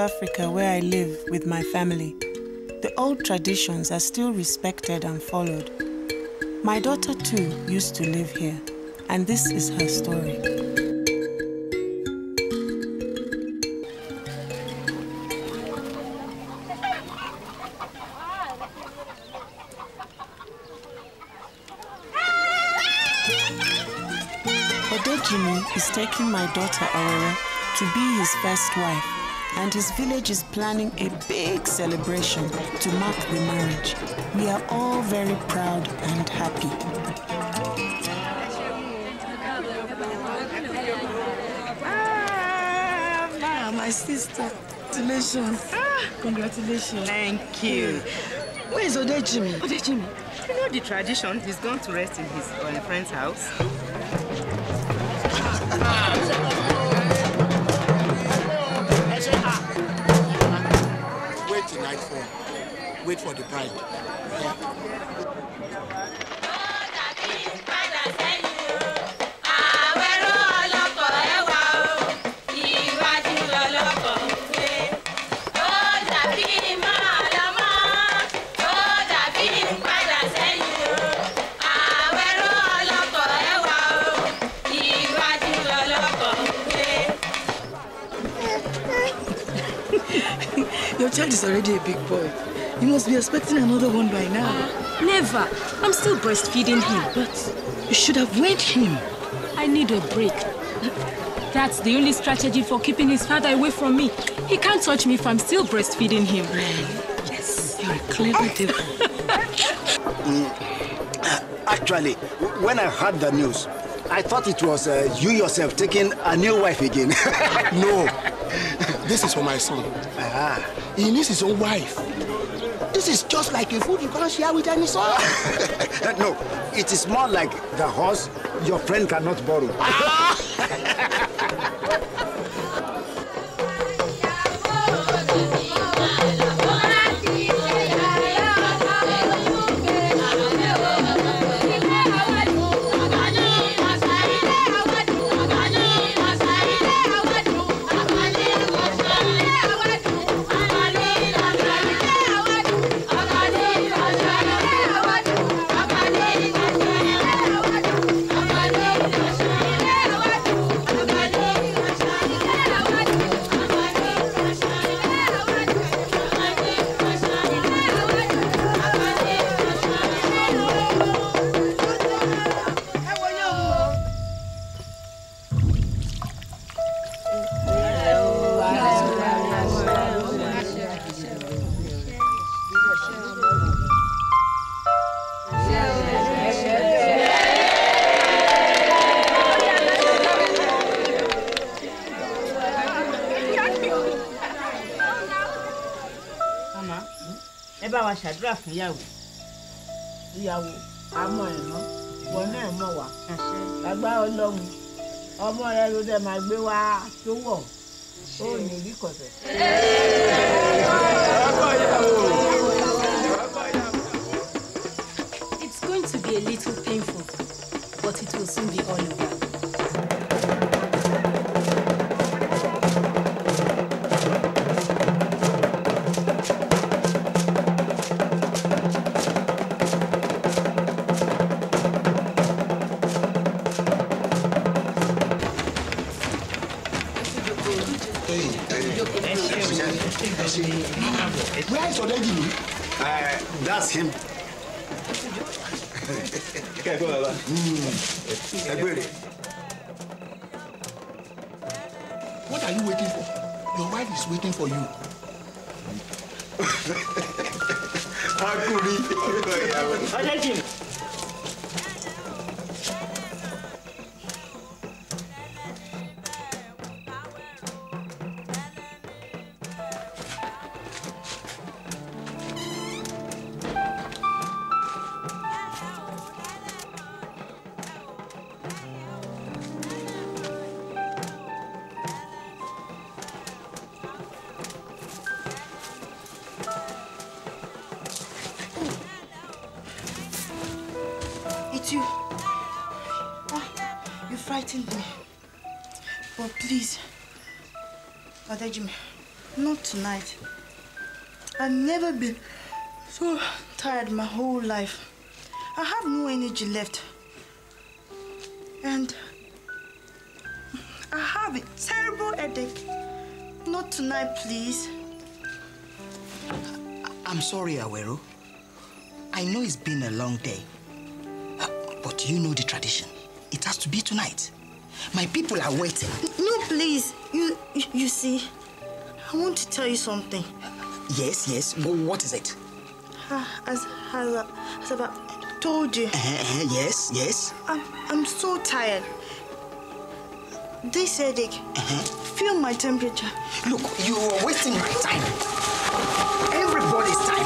Africa where I live with my family, the old traditions are still respected and followed. My daughter too used to live here, and this is her story. Odejimi is taking my daughter Aurora to be his first wife and his village is planning a big celebration to mark the marriage. We are all very proud and happy. Ah, my sister, congratulations. Ah, congratulations. Thank you. Where is Odejimi? Odejimi, you know the tradition. He's going to rest in his uh, friend's house. Ah. wait for the bride. Your child is already a big boy. You must be expecting another one by now. Uh, never. I'm still breastfeeding him. But you should have weaned him. I need a break. That's the only strategy for keeping his father away from me. He can't touch me if I'm still breastfeeding him. Yes, you're a clever devil. Mm, uh, actually, when I heard the news, I thought it was uh, you yourself taking a new wife again. no, this is for my son. Ah. He needs his own wife. This is just like a food you can't share with any soul. no, it is more like the horse your friend cannot borrow. ṣàdúrà fún ìyàwó. ìyàwó àmọ́ ẹ̀ mọ́ wọn náà mọ̀ wá lágbá ọlọ́run ọmọ rẹ ló dẹ máa gbé wá tó wọ̀ ó ní rí kọ̀tẹ̀. It's going to be a little painful, but it will soon be all over. Mm. What are you waiting for? Your wife is waiting for you. I Ọjọ́ jìnnà. you. You frightened me. But please, Adejime, not tonight. I've never been so tired my whole life. I have no energy left. And I have a terrible headache. Not tonight, please. I'm sorry, Awero. I know it's been a long day. But you know the tradition. It has to be tonight. My people are waiting. No, please. You, you see, I want to tell you something. Yes, yes. Well, what is it? As, as, as I've told you. Uh, yes, yes. I'm, I'm so tired. This headache. Uh -huh. Feel my temperature. Look, you are wasting my time. Everybody's tired.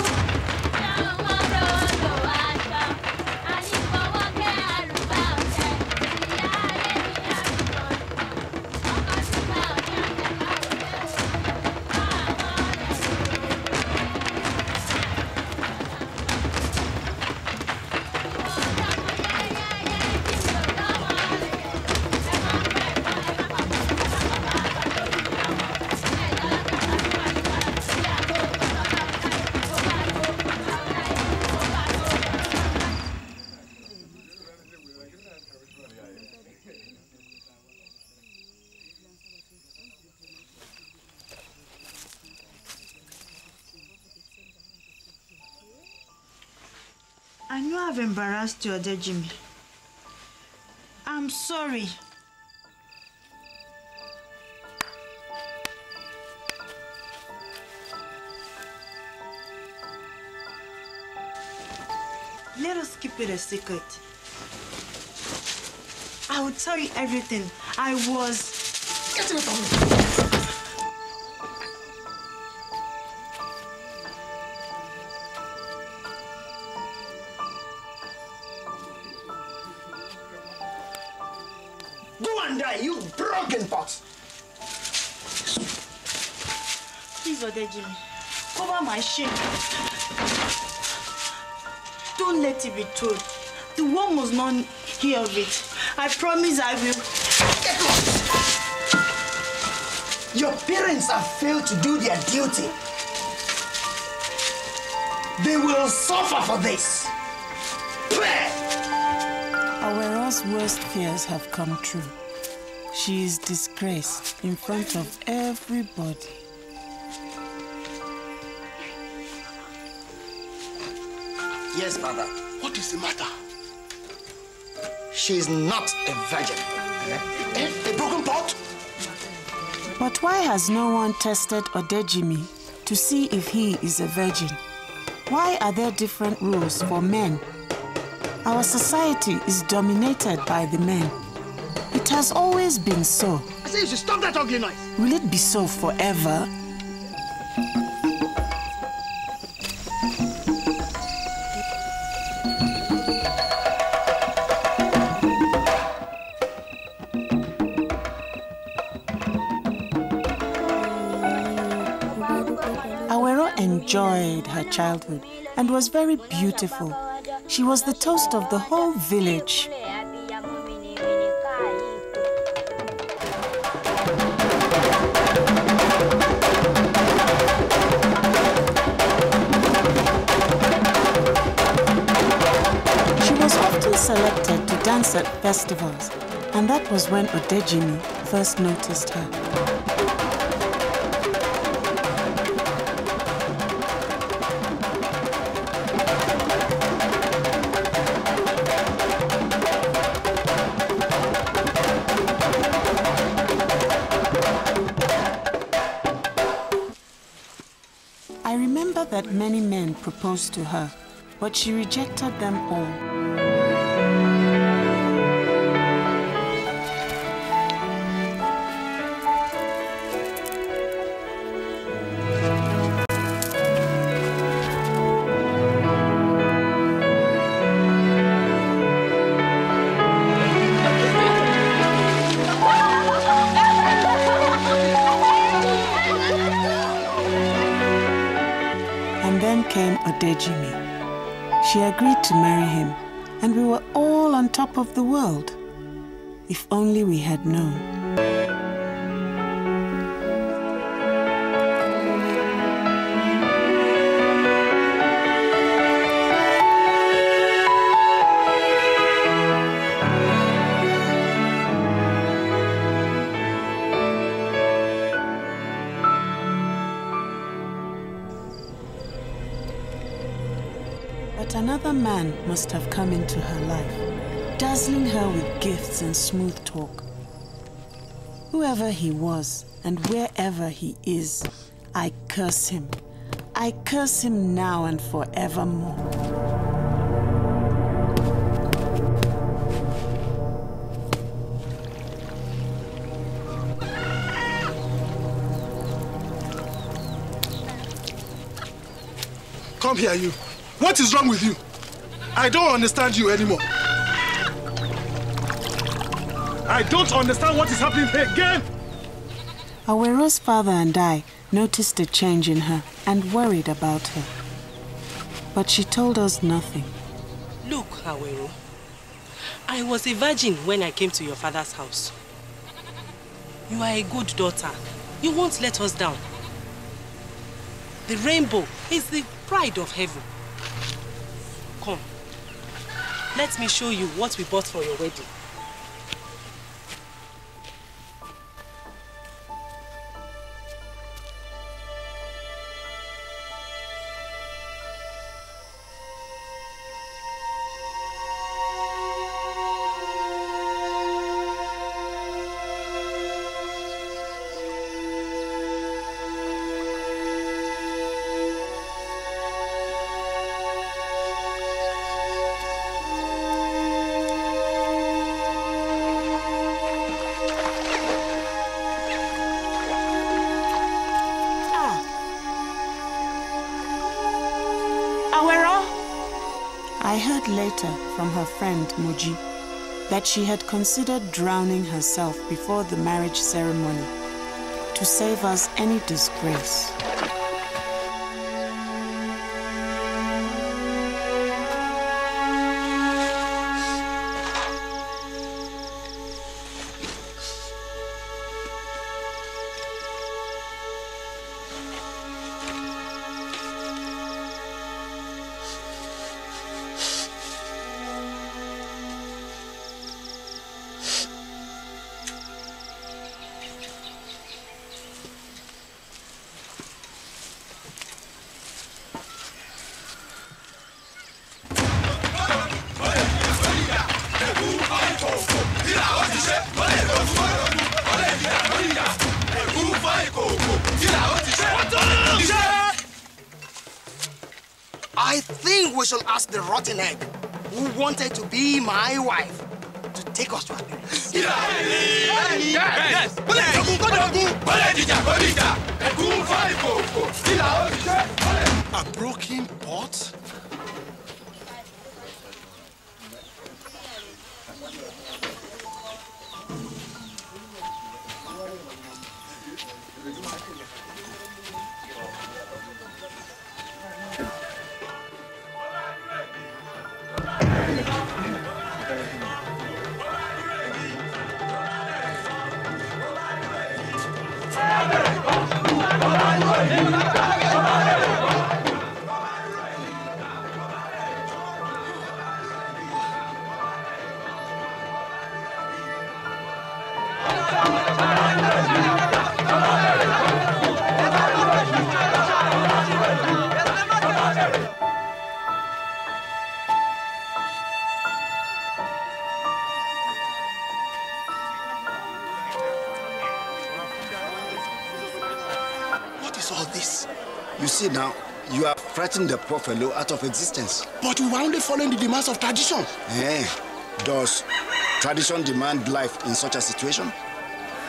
You have embarrassed your dear Jimmy. I'm sorry. Let us keep it a secret. I will tell you everything. I was... Get away from me! cover my shame. Don't let it be told. The world must not hear of it. I promise I will. Get lost! Your parents have failed to do their duty. They will suffer for this. Awera's worst fears have come true. She is disgraced in front of everybody. Yes, mother. What is the matter? She's not a virgin. Eh? A broken pot? But why has no one tested Odejimi to see if he is a virgin? Why are there different rules for men? Our society is dominated by the men. It has always been so. I say you should stop that ugly noise. Will it be so forever? her childhood and was very beautiful. She was the toast of the whole village. She was often selected to dance at festivals, and that was when Odejimi first noticed her. that many men proposed to her, but she rejected them all. became Odejimi. She agreed to marry him, and we were all on top of the world. If only we had known. But another man must have come into her life, dazzling her with gifts and smooth talk. Whoever he was and wherever he is, I curse him. I curse him now and forevermore. Come here, you. What is wrong with you? I don't understand you anymore. I don't understand what is happening here again. Awero's father and I noticed a change in her and worried about her. But she told us nothing. Look, Awero. I was a virgin when I came to your father's house. You are a good daughter. You won't let us down. The rainbow is the pride of heaven. Let me show you what we bought for your wedding. I heard later from her friend Moji that she had considered drowning herself before the marriage ceremony to save us any disgrace. who wanted to be my wife to take us to a Yes! Yes! A broken pot? What is all this? You see now, you have frightened the poor fellow out of existence. But we were only following the demands of tradition. Eh, does tradition demand life in such a situation?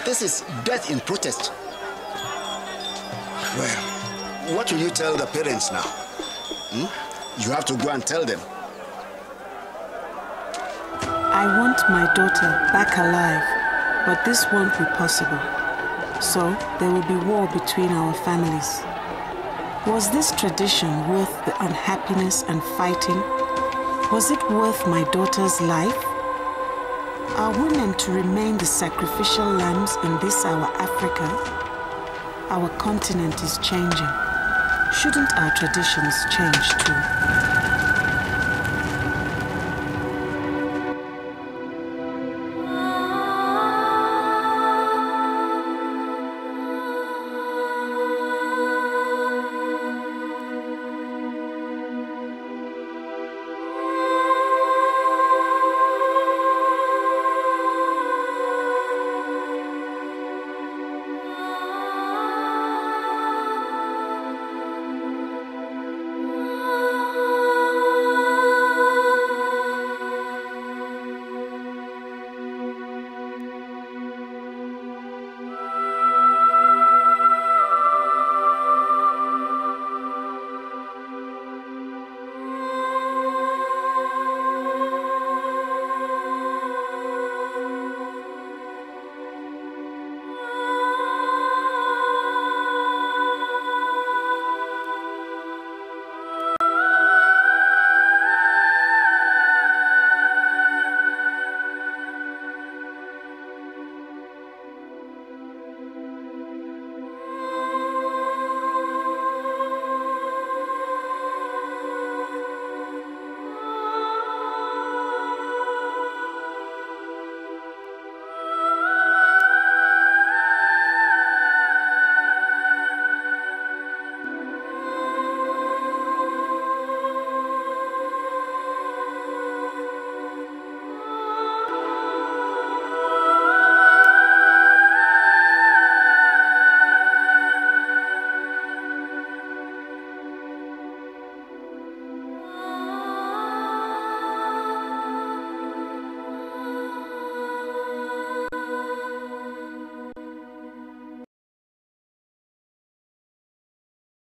This is death in protest. Well, what will you tell the parents now? Hmm? You have to go and tell them. I want my daughter back alive, but this won't be possible. So there will be war between our families. Was this tradition worth the unhappiness and fighting? Was it worth my daughter's life? Are women to remain the sacrificial lambs in this our Africa? Our continent is changing. Shouldn't our traditions change too?